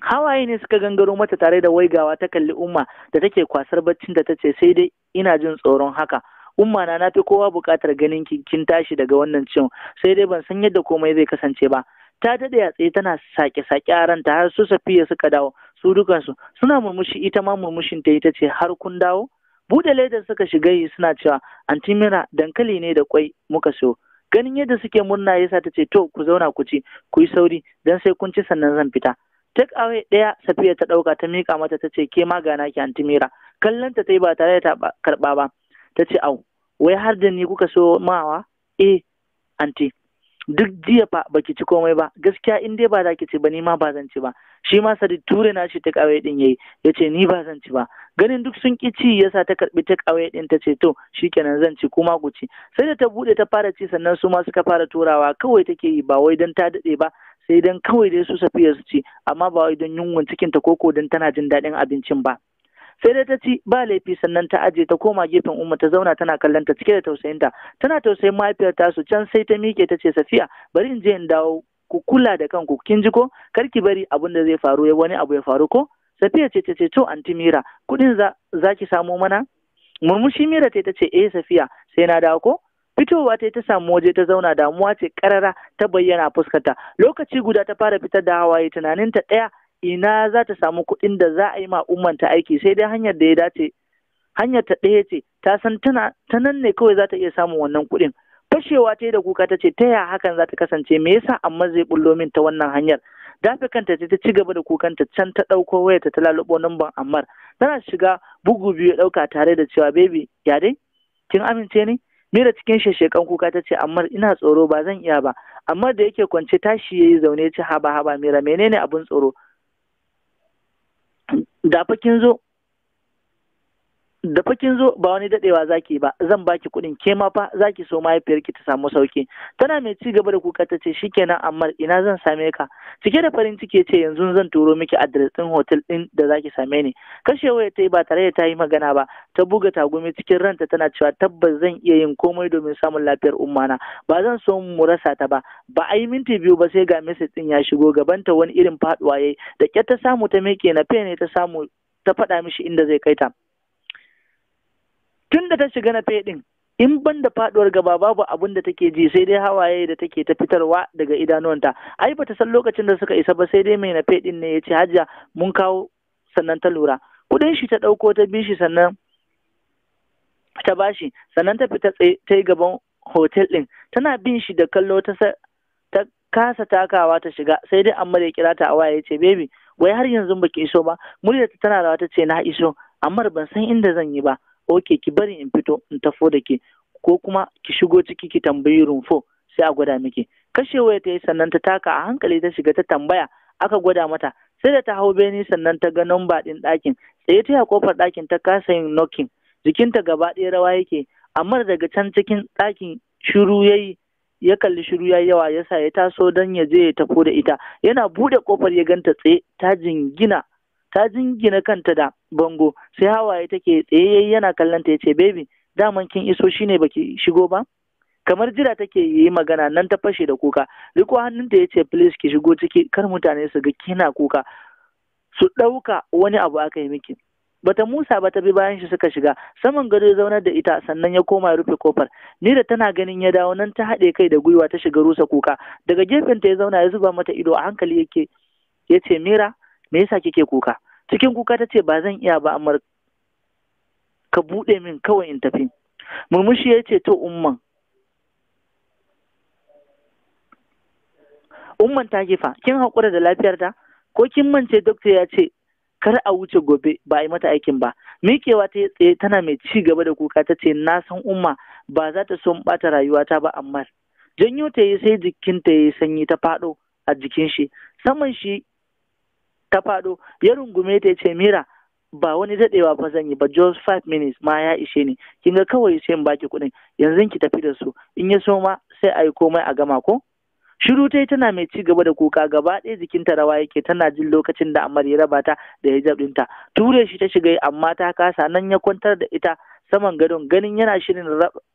hawaye ne suka gangaro mata tare da waigawa ta kalli umma da take kwasar baccin da ta ce sai dai ina jin tsoron haka umma na na fi kowa buƙatar ganin kin tashi daga wannan ciwon sai dai ban san yadda komai zai kasance ba ta daɗe a tsaye tana sake-sake a ranta har su safiya suka dawo su dukansu suna murmushi ita ma murmushin ta ita ce har kun dawo buɗe ledar suka shiga yi suna cewa anti mira dankali ne da kwai muka siyo ganin yadda suke murna yasa ta ce to ku zauna ku ci ku yi sauri dan sai kun ci sannan zan fita take away ɗaya safiya ta ɗauka ta miƙa mata ta ce ke magana ki anti mira kallon ta ta yi ba tare da ta karɓa ba ta ce au wai har da ni kuka so mawa eh anti duk jiya fa baki ci komai ba gaskiya in dai ba za ki ci ba ni ma ba zan ci ba shi ma sadi ture na shi ta kawai din yayi ce ni ba zan ci ba ganin duk sun ki ci yasa ta karbi ta kawai din ta ce to shikenan zan ci kuma ku ci sai da ta bude ta fara ci sannan su ma suka fara turawa kawai take yi ba wai dan ta dade ba sai dan kawai dai su safiya su ci amma ba wai dan yunwan cikin ta koko dan tana jin dadin abincin ba sai dai ta ci ba laifi sannan ta aje ta koma gefen umma ta zauna tana kallon ta cike da tausayinta tana tausayin mahaifiyar tasu can sai ta miƙe ta ce safiya bari in je in dawo ku kula da kanku kin ji ko kar ki bari abun da zai faru ya wani abu ya faru ko safiya ce ce to anti mira kudin za ki samo mana murmushi mira ta ta ce eh safiya sai na dawo ko fitowa ta ta samu waje ta zauna damuwa ce karara ta bayyana fuskarta lokaci guda ta fara fitar da hawaye tunaninta ɗaya ina za ta samu kuɗin da za a yi ma aiki sai dai hanyar da ya dace hanyar ta ɗaya ce ta san ta nan ne kawai za ta iya samun wannan kuɗin fashewa ta yi da kuka ta ce ta ya hakan za ta kasance me yasa amma zai bullo min ta wannan hanyar dafe kanta ce ta ci gaba da kukanta can ta ɗauko wayarta ta lalubo namban ammar tana shiga bugu biyu ya ɗauka tare da cewa baby ya dai kin amince ni da cikin sheshekan kuka ta ce ammar ina tsoro ba zan iya ba amma da yake kwance tashi ya yi zaune ci haba haba mira menene abin tsoro da fa kin zo da fakin zo ba wani dadewa zaki ba zan baki kuɗin ke ma fa zaki so mahaifiyarki ta samu sauki tana mai ci gaba da kuka ta ce shikenan amma ina zan same ka cike da farin ciki ce yanzu zan turo miki adres din hotel din da zaki same ni kashe waya ta yi ba tare da ta yi magana ba ta buga tagumi cikin ranta tana cewa tabbas zan iya yin komai domin samun lafiyar ummana ba zan so mu rasa ta ba ba a yi minti biyu ba sai ga message din ya shigo gabanta wani irin faduwa yayi da kyar ta samu ta meke na fe ta samu ta faɗa mishi inda zai kai ta tun da ta shiga na feɗin in ban da faɗuwar gaba babu abin da take ji sai dai hawaye da take ta fitarwa daga idanuwanta ai bata san lokacin da suka isa ba sai dai mai na feɗin ne ya ce hajiya mun kawo sannan ta lura kuɗin shi ta ɗauko ta bi shi sannan ta bashi sannan ta fita ta yi gaban hotel ɗin tana bin shi da kallo ta ta kasa takawa ta shiga sai dai amma ya kira ta a waya ya ce baby wai har yanzu baki iso ba muryarta tana rawa ta ce na iso amma ban san inda zan yi ba oke ki bari in fito in tafo da ke ko kuma ki shigo ciki ki tambayi rumfo sai a gwada miki Kashe waya ta yi sannan ta taka a hankali ta shiga ta tambaya aka gwada mata sai da ta hau beni sannan ta ga namba ɗin ɗakin tsaye ta kofar ɗakin ta kasa yin nokin jikinta gaba ɗaya rawa yake amma daga can cikin ɗakin shiru yayi ya kalli shiru ya yawa ya sa ya taso don ya je ya tafo da ita yana buɗe kofar ya ganta tsaye ta jingina ta jingina kanta da bango sai hawaye take tsaye yana kallon ta yace baby daman kin iso shine baki shigo ba kamar jira take yi magana nan ta fashe da kuka riko hannunta yace please ki shigo ciki kar mutane su ga kina kuka su ɗauka wani abu aka yi miki bata musa ba ta bi bayan shi suka shiga saman gado ya zaunar da ita sannan ya koma ya rufe kofar ni da tana ganin ya dawo nan ta haɗe kai da gwiwa ta shiga rusa kuka daga gefen ta ya zauna ya zuba mata ido a hankali yake ya ce mira me yasa kike kuka cikin kuka ta ce ba zan iya ba amar ka buɗe min kawai in tafi murmushi ya ce to umman umman ta gefa kin haƙura da lafiyar ta ko kin mance dokta ya ce kar a wuce gobe ba a yi mata aikin ba Mikewa ta tsaye tana mai ci gaba da kuka ta ce na san umma ba za ta son ɓata rayuwata ba amma janyo ta yi sai jikinta ya sanyi ta faɗo a jikin shi saman shi ta faɗo ya rungume ta ce mira ba wani daɗewa ba zan yi ba just five minutes ma ya ishe ni kin ga kawai sai in baki kuɗin yanzu ki tafi da su in ya so ma sai a yi komai a gama ko shiru ta tana mai ci gaba da kuka gaba ɗaya jikinta rawa yake tana jin lokacin da amar ya raba ta da hijab ɗinta ture shi ta shiga amma ta kasa nan ya kwantar da ita saman gadon ganin yana shirin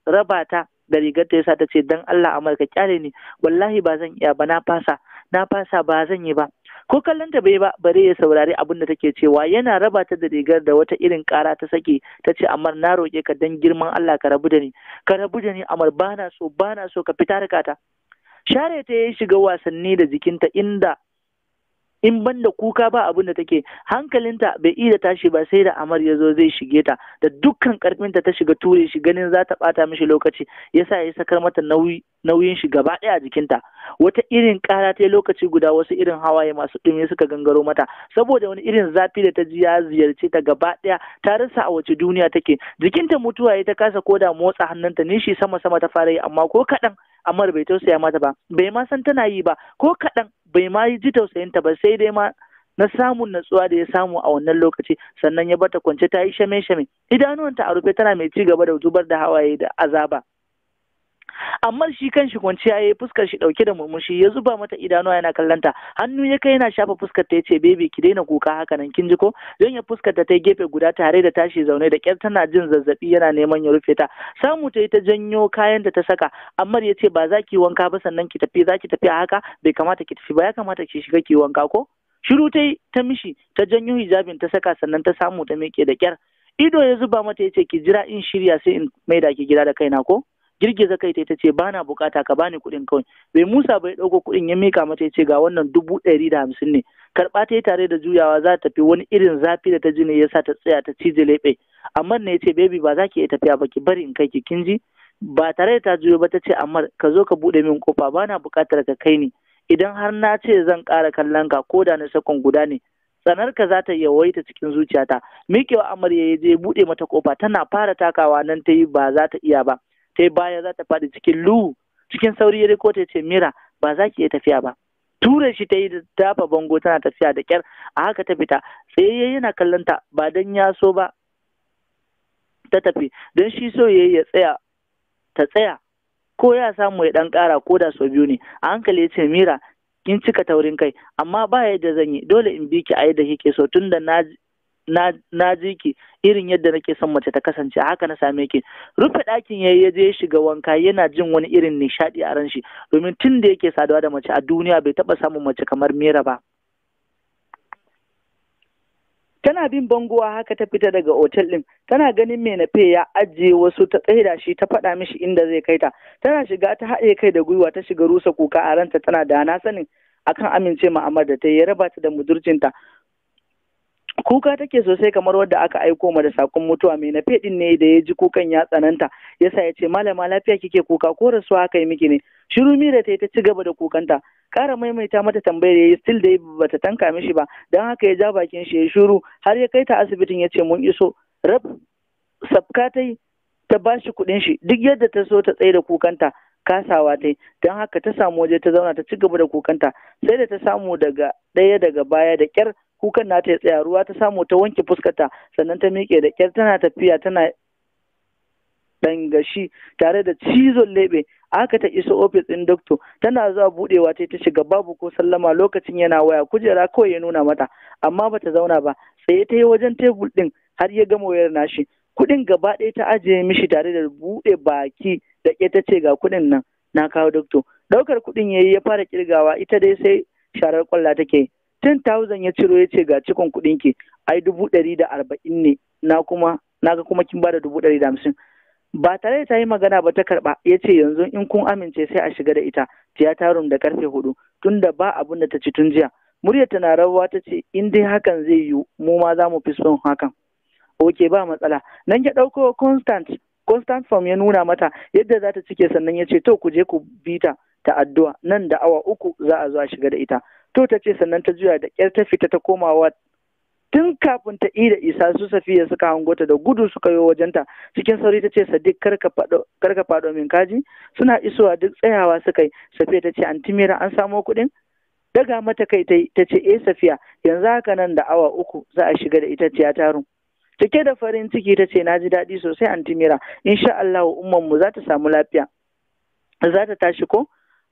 raba ta da rigar ta yasa ta ce dan Allah amar ka kyale ni wallahi ba zan iya ba na fasa na fasa ba zan yi ba ko kallon ta bai ba bare ya saurari abin da take cewa yana raba ta da rigar da wata irin kara ta sake ta ce amma na roƙe ka dan girman Allah ka rabu da ni ka rabu da ni amar bana so bana so ka fita ta share ta ya shiga wasanni da jikinta inda in ban da kuka ba abin da take hankalinta bai iya tashi ba sai da amar ya zo zai shige ta da dukkan karfinta ta shiga ture shi ganin za ta bata mishi lokaci yasa ya sakar mata nauyin shi gaba ɗaya a jikinta wata irin kara ta lokaci guda wasu irin hawaye masu ɗumi suka gangaro mata saboda wani irin zafi da ta ji ya ziyarce ta gaba ɗaya ta rasa a wace duniya take jikinta mutuwa ya ta kasa koda motsa hannunta nishi sama sama ta fara yi amma ko kaɗan Amar bai tausaya mata ba bai ma san tana yi ba ko kaɗan bai ma ji tausayinta ba sai dai ma na samun natsuwa da ya samu a wannan lokaci sannan ya bata kwance ta yi shame shame idanuwanta a rufe tana mai ci gaba da zubar da hawaye da azaba amma shi kan shi kwanciya yi fuskar shi ɗauke da murmushi ya zuba mata idanuwa yana kallanta hannu ya kai yana shafa fuskar ta yace baby ki daina kuka haka nan kin ji ko don ya fuskar ta ta gefe guda tare da tashi zaune da kyar tana jin zazzabi yana neman ya rufe ta samu ta yi ta janyo kayan da ta saka amma ya ce ba za ki wanka ba sannan ki tafi za ki tafi a haka bai kamata ki tafi ba ya kamata ki shiga ki wanka ko shiru ta yi ta mishi ta janyo hijabin ta saka sannan ta samu ta miƙe da kyar ido ya zuba mata ya ce ki jira in shirya sai in maida ki gida da kaina ko girgiza kai ta ce bana bukata ka bani kuɗin kawai bai musa bai ɗauko kuɗin ya mika mata ya ce ga wannan dubu ɗari da hamsin ne karɓa ta yi tare da juyawa za ta tafi wani irin zafi da ta ji ne ya sa ta tsaya ta cije leɓe amma ne ya ce baby ba za ki iya tafiya ba ki bari in kai ki kin ji ba tare da ta juyo ba ta ce amma ka zo ka buɗe min kofa bana bukatar ka kai ni idan har na ce zan ƙara kallon ka ko da na sakon guda ne tsanar ka za ta yawaita cikin zuciyata miƙewa amarya ya je buɗe mata kofa tana fara takawa nan ta yi ba za ta iya ba ta baya za ta faɗi cikin lu cikin sauri ya riko ta ce mira ba za ki iya tafiya ba ture shi ta yi da tafa bango tana tafiya da kyar a haka ta fita tsayayye yana kallon ta ba dan ya so ba ta tafi don shi so ya tsaya ta tsaya ko ya samu ya ɗan ƙara ko da sau biyu ne a hankali ya ce mira kin cika taurin kai amma ba yadda zan yi dole in bi ki a yadda kike so tunda na na ji ki irin yadda nake son mace ta kasance haka na same ki rufe ɗakin ya je ya shiga wanka yana jin wani irin nishaɗi a ran shi domin tun da yake saduwa da mace a duniya bai taɓa samun mace kamar mera ba tana bin bangowa haka ta fita daga otel ɗin tana ganin mai nafe ya ajiye wasu ta tsaida shi ta faɗa mishi inda zai kai ta tana shiga ta haɗe kai da gwiwa ta shiga rusa kuka a ranta tana da na sanin akan amince ma'amar da ta yi raba ta da mudurcinta kuka take sosai kamar wadda aka aiko ma da sakon mutuwa mai na fedin ne da ya ji kukan ya tsananta yasa ya ce malama lafiya kike kuka ko rasuwa aka yi miki ne shiru mira ta yi ta ci gaba da kukanta kara maimaita mata tambayar ya yi still da ya bata tanka mishi ba dan haka ya ja bakin shi ya shiru har ya kai ta asibitin ya ce mun iso rab sabka ta yi ta bashi kuɗin shi duk yadda ta so ta tsaye da kukanta kasawa ta don haka ta samu waje ta zauna ta ci gaba da kukanta sai da ta samu daga ɗaya daga baya da ƙyar kukan nata ya tsaya ruwa ta samu ta wanke fuskata sannan ta miƙe da kyar tana tafiya tana dangashi tare da cizon leɓe aka ta iso ofis ɗin dokto tana zuwa buɗewa ta ta shiga babu ko sallama lokacin yana waya kujera kawai ya nuna mata amma ba ta zauna ba tsaye ta yi wajen tebul ɗin har ya gama wayar nashi kuɗin gaba ɗaya ta ajiye mishi tare da buɗe baki da ke ta ce ga kuɗin nan na kawo dokto ɗaukar kuɗin ya yi ya fara kirgawa ita dai sai sharar ƙwalla take yi ten ya ciro ya ce ga cikon kuɗin ki ai dubu ɗari da arba'in ne na kuma na ga kuma kin bada dubu ɗari da hamsin ba tare da ta yi magana ba ta karba, ya ce yanzu in kun amince sai a shiga da ita tiyata da karfe hudu tunda ba abin da ta ci tun jiya muryar ta na rawa ta ce in dai hakan zai yiwu mu ma za mu fi son hakan oke ba matsala nan ya ɗauko constant constant form ya nuna mata yadda za ta cike sannan ya ce to ku je ku bi ta ta addu'a nan da awa uku za a zo a shiga da ita to ta ce sannan ta juya da ƙyar ta fita ta komawa tun kafin ta da isa su safiya suka hango ta da gudu suka yi wajenta cikin sauri ta ce sadiq karka faɗo min kaji suna isowa duk tsayawa suka yi safiya ta ce an timira an samo kuɗin daga mata kai ta ce eh safiya yanzu haka nan da awa uku za a shiga da ita taro cike da farin ciki ta ce na ji daɗi sosai anti in insha Allah umman mu za ta samu lafiya za ta tashi ko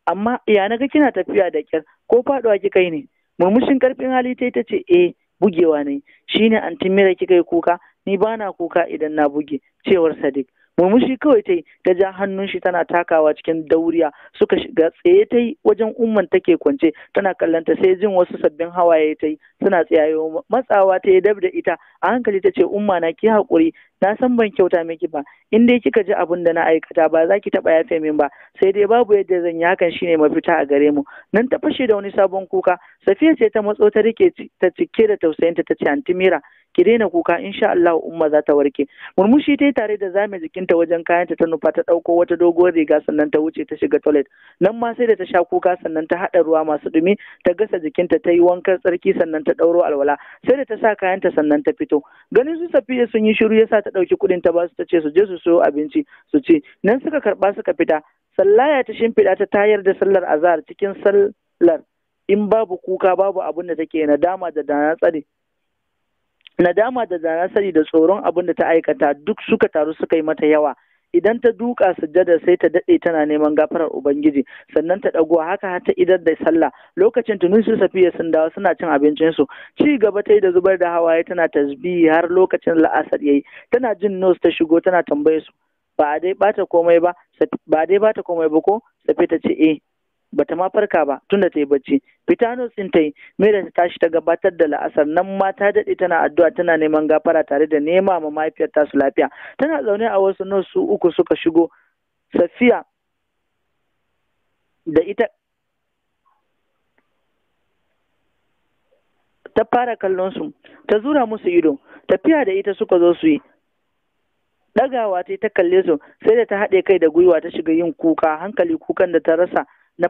amma ya na ga kina tafiya da kyar ko faduwa kika yi ne murmushin karfin hali ta ce eh bugewa ne shine antin mira kika yi kuka ni bana kuka idan na buge cewar sadiq murmushi kawai ta yi ta ja hannun shi tana takawa cikin dauriya suka shiga tsaye ta yi wajen umman take kwance tana kallanta sai jin wasu sabbin hawaye ta yi suna tsayayo matsawa ta yi dab da ita a hankali ta ce umma na ki haƙuri na san ban kyauta miki ba in dai kika ji abun da na aikata ba za ki taɓa yafe min ba sai dai babu yadda zan yi hakan shine mafita a gare mu nan ta fashe da wani sabon kuka safiya ce ta matso ta rike ta cike da tausayinta ta ce antimira ki daina kuka insha Allah umma za ta warke murmushi ta yi tare da zame jikinta wajen kayanta ta nufa ta ɗauko wata doguwar riga sannan ta wuce ta shiga toilet nan ma sai da ta sha kuka sannan ta haɗa ruwa masu ɗumi ta gasa jikinta ta yi wankan tsarki sannan ta ɗauro alwala sai da ta sa kayan ta sannan ta fito ganin su safiya sun yi shiru ya sa ta ɗauki kuɗin ta basu ta ce su je su sayo abinci su ce. nan suka karɓa suka fita sallaya ta shimfiɗa ta tayar da sallar azahar cikin sallar in babu kuka babu abin da take nadama da dana tsare nadama da zana sani da tsoron abin da ta aikata duk suka taru suka yi mata yawa idan ta duka sujjada sai ta dade tana neman gafarar ubangiji sannan ta dago haka har ta idar da sallah lokacin tuni su safiya sun dawo suna cin abincin su ci gaba ta da zubar da hawaye tana tasbihi har lokacin la'asar yayi tana jin nos ta shigo tana tambaye su ba dai bata komai ba ba dai bata komai ba ko safi ta ce eh bata ma farka ba tunda ta yi bacci fitanos din ta yi mera ta tashi ta gabatar da la'asar nan ma ta daɗe tana addu'a tana neman gafara tare da nema ma mahaifiyar tasu lafiya tana zaune a wasu nan su uku suka shigo safiya da ita ta fara kallon su ta zura musu ido tafiya da ita suka zo su yi ɗagawa ta yi ta kalle su sai da ta haɗe kai da gwiwa ta shiga yin kuka hankali kukan da ta rasa na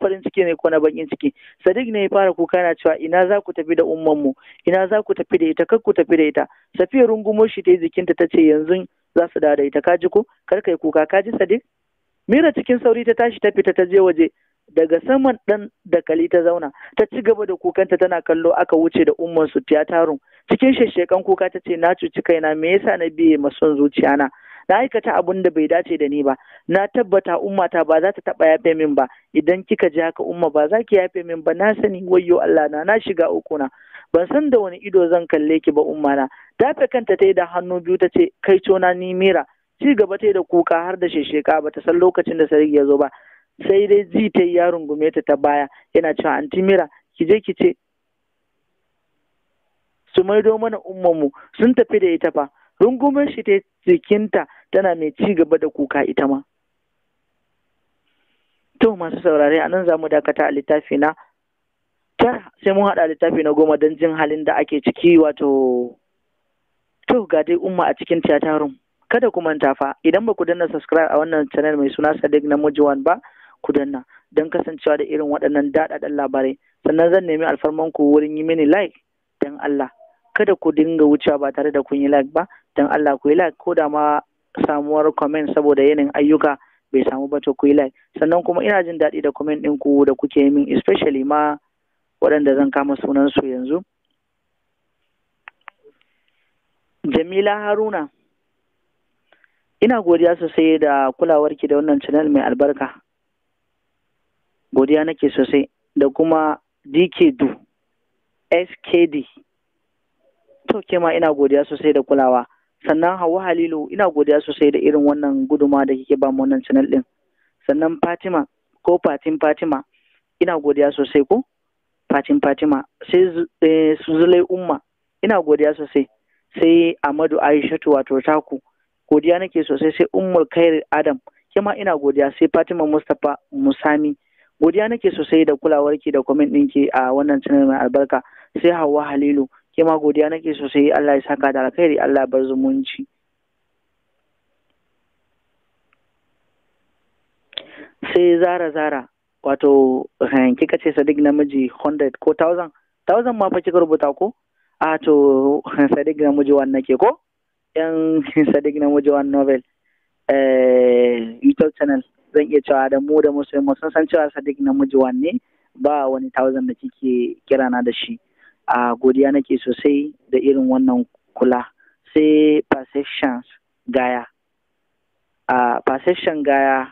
farin ciki ne ko na bakin ciki sadiq ne ya fara kuka na cewa ina za ku tafi da umman mu ina za ku tafi da ita kar ku tafi da ita safiya rungumo shi ta jikinta ta ce yanzu za su dawo da ita Ka ji ko kar kai kuka ka ji, sadiq mira cikin sauri ta tashi ta fita ta je waje daga saman dan dakali ta zauna ta ci gaba da kukanta tana kallo aka wuce da umman su tiyatarun cikin sheshekan kuka ta ce na cuci kaina me yasa na biye masun zuciya na na aikata abun da bai dace da ni ba na tabbata ummata ba za ta taba yafe min ba idan kika ji haka umma ba za ki yafe min ba na sani wayyo Allah na na shiga uku na ban san da wani ido zan kalle ki ba umma na tafe kanta ta yi da hannu biyu ta ce kai cona ni mira ci gaba ta yi da kuka har da shesheka ba ta san lokacin da sarki ya zo ba sai dai ji ta yi yaron gume ta ta baya yana cewa anti mira ki je ki ce su maido mana ummanmu sun tafi da ita fa rungumin shi ta jikinta tana mai ci gaba da kuka ita ma to masu saurare a nan za mu dakata a littafi na tara sai mun haɗa littafi na goma don jin halin da ake ciki wato to ga dai umma a cikin tiyatarun kada ku manta fa idan ba ku danna subscribe a wannan channel mai suna sadiq na mujiwan ba ku danna don kasancewa da irin waɗannan daɗaɗɗen labarai sannan zan nemi alfarman ku wurin yi mini like don Allah kada ku dinga wucewa ba tare da kun yi like ba don Allah ku yi like ko da ma samuwar comment saboda yanayin ayyuka bai samu ba to kuyi sannan kuma ina jin daɗi da comment ɗin ku da kuke min especially ma waɗanda zan kama sunansu yanzu Jamila Haruna ina godiya sosai da kulawarki da wannan channel mai albarka godiya nake sosai da kuma DKD SKD to ke ma ina godiya sosai da kulawa sannan Hauwa Halilu ina godiya sosai da irin wannan guduma da kike ba mu wannan channel din sannan Fatima ko Fatin Fatima ina godiya sosai ko Fatin Fatima sai eh, zulai Umma ina godiya sosai sai Amadu Aishatu wato taku godiya nake sosai sai Ummul Khair Adam kima ina godiya sai Fatima Mustapha Musami godiya nake sosai da kulawarki da comment ɗinki a wannan channel mai albarka sai Hauwa Halilu ke ma godiya nake sosai Allah ya saka da alkhairi Allah bar zumunci sai zara zara wato eh, kika ce sadiq namiji 100 ko 1000 1000 ma fa kika rubuta ko a ah, to sadiq namiji wannan ke ko yan sadiq namiji wannan novel eh youtube channel zan iya cewa da mu da musu sun san cewa sadiq namiji wanne ba wani 1000 da kike kirana da shi a godiya nake sosai da irin wannan kula sai perceptions gaya a perception gaya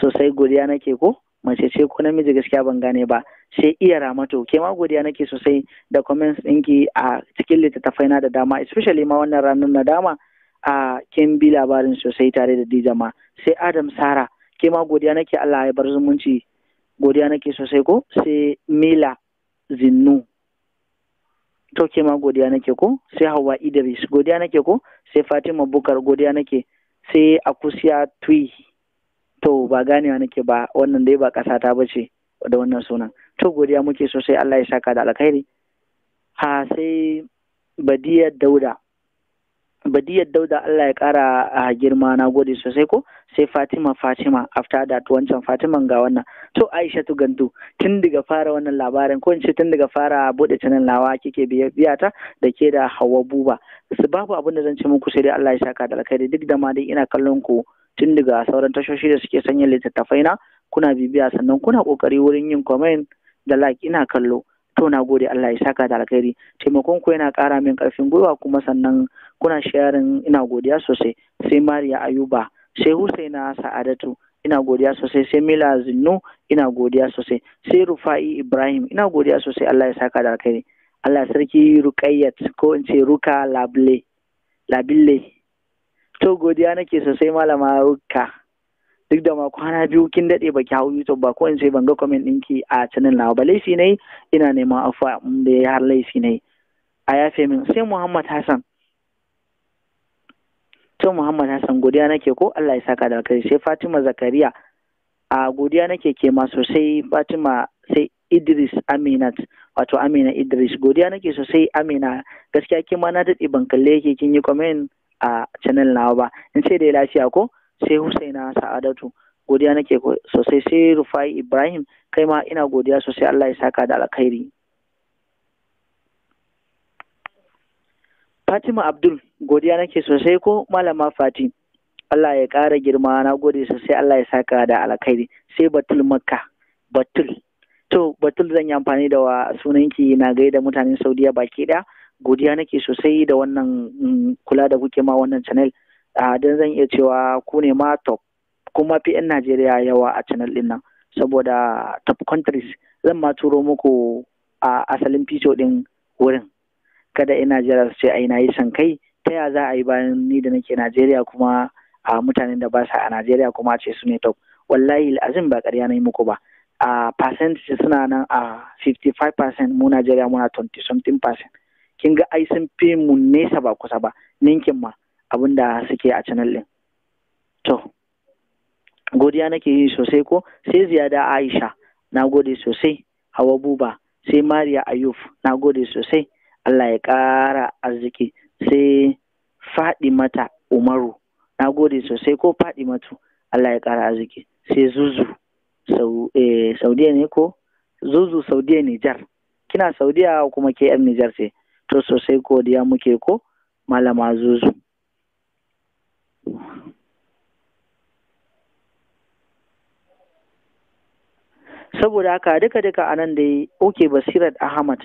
sosai godiya nake ko mace ce ko namiji gaskiya ban gane ba sai iya ramato ke ma godiya nake sosai da comments ɗinki a cikin littattafai na da dama especially ma wannan ranar na dama a kin bi labarin sosai tare da dijama sai adam sara ke ma godiya nake allah ya bar zumunci godiya nake sosai ko sai mila zinnu to ke ma godiya nake ko sai hawa idris godiya nake ko sai fatima bukar godiya nake sai akusiya tui to ba ganewa nake ba wannan dai ba kasata ta bace da wannan sunan to godiya muke sosai allah ya saka da alkhairi ha sai badiya dauda badiyar dauda Allah ya kara a ah, girma na gode sosai ko sai fatima fatima after that wancan Fatima ga wannan to aisha tu gantu tun daga fara wannan labarin ko ce tun daga fara bude canan lawa kike biya ta da ke da Hawwa buba su babu abin da zan ce muku sai dai Allah ya saka da alkhairi duk da ma dai ina kallon ku tun daga sauran tashoshi da suke sanya littattafai na kuna bibiya sannan kuna kokari wurin yin comment da like ina kallo to na gode Allah ya saka da alkhairi taimakon ku yana kara min karfin gwiwa kuma sannan kuna sharing ina godiya sosai sai mariya ayuba sai husaina sa'adatu ina godiya sosai sai mila zinu ina godiya sosai sai rufa'i ibrahim ina godiya sosai allah ya saka da alkhairi allah sarki Rukayat ko in ce ruka labile to godiya nake sosai malama ruka duk da ma kwana biyu kin dade baki hau youtube ba ko in ce ban ga comment ki a channel na ba laifi nayi ina neman afwa in da har laifi nayi a yafe min sai muhammad hassan to Muhammad Hassan godiya nake ko Allah ya saka da alkhairi sai Fatima Zakariya a godiya nake ke ma sosai Fatima sai Idris Aminat wato Amina Idris godiya nake sosai Amina gaskiya ke ma na daɗe ban kalle yake kin yi comment a channel nawa ba in ce dai lafiya ko sai Husaina Sa'adatu godiya nake sosai sai Rufai Ibrahim kai ma ina godiya sosai Allah ya saka da alkhairi Fatima Abdul godiya nake sosai ko malama Fati Allah ya ƙara girma na gode sosai Allah ya saka da alkhairi sai Batul Makka Batul to Batul zan yi amfani da wa sunanki na gaida mutanen Saudiya baki ɗaya godiya nake sosai da wannan mm, kula da kuke ma wannan channel a dan zan iya cewa ku ne ma top kuma fi 'yan Najeriya yawa a channel ɗin nan saboda top countries zan ma turo muku a asalin fito ɗin wurin kada ina Najeriya su ce ai na yi san kai ta ya za a yi bayan ni da nake Najeriya kuma a mutanen da ba sa a Najeriya kuma a ce su ne to wallahi azim ba ƙarya na yi muku ba a percentage suna nan a 55% mu Najeriya muna 20 something percent kin ga ai sun fi mu nesa ba kusa ba ninkin ma abin da suke a channel din to godiya nake yi sosai ko sai ziyada Aisha na gode sosai Hawa Buba sai maria Ayuf na gode sosai Allah ya ƙara arziki sai faɗi mata umaru na gode sosai ko faɗi matu Allah ya ƙara arziki sai zuzu eh, saudiya ne ko zuzu saudiya nijar kina saudiya kuma ke yan nijar ce to sosai godiya muke ko malama zuzu saboda haka duka-duka a nan da yi oke basirat ahmad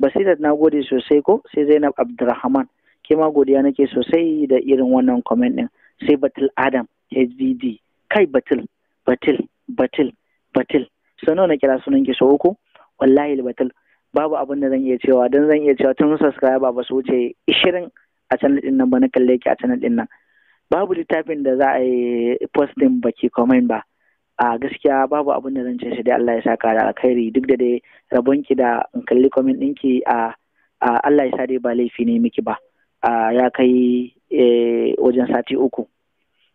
basirat na gode sosai ko sai zainab abdulrahman ke ma godiya nake sosai da irin wannan comment din sai batil adam hdd kai batil batil batil batil nawa na kira sunan ki sau uku wallahi batil babu abin da zan iya cewa don zan iya cewa tun subscribe ba su wuce ishirin a channel din nan ba na kalle ki a channel din nan babu littafin da za a yi posting baki comment ba a gaskiya babu abin da zan ce dai Allah ya saka da alkhairi duk da dai rabon ki da in kalli comment ɗinki a Allah ya sa dai ba laifi ne miki ba ya kai e, wajen sati uku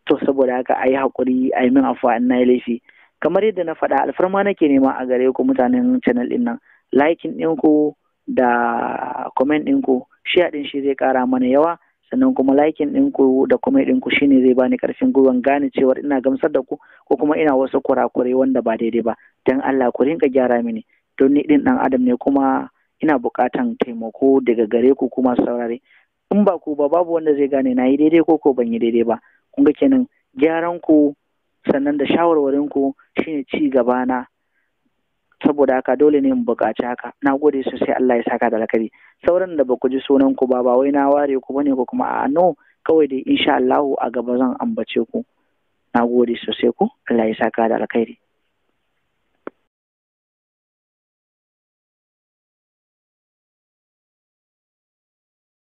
to saboda haka a yi haƙuri a min afuwa in na yi laifi kamar yadda na faɗa alfarma nake nema a gare ku mutanen channel ɗin nan Laikin ɗinku da comment ɗinku shi ɗin shi zai ƙara mana yawa sannan kuma ɗin ku da kuma ɗinku shine zai bani ƙarfin gwiwan gane cewa ina gamsar da ku ko kuma ina wasu kurakure wanda ba daidai ba don Allah ku rinka gyara mini don ni ɗin ɗan adam ne kuma ina buƙatan taimako daga gare ku kuma saurare in ba ku ba babu wanda zai gane na yi daidai ko ko ban yi daidai ba kun ga kenan gyaran ku sannan da shawarwarin ku shine ci gaba na saboda haka dole ne mu buƙaci haka na gode sosai Allah ya saka da alkhairi sauran da ba ku ji sunan ku ba ba wai na ware ku bane ko kuma a no kawai dai insha Allah a gaba zan ambace ku na gode sosai ku Allah ya saka da alkhairi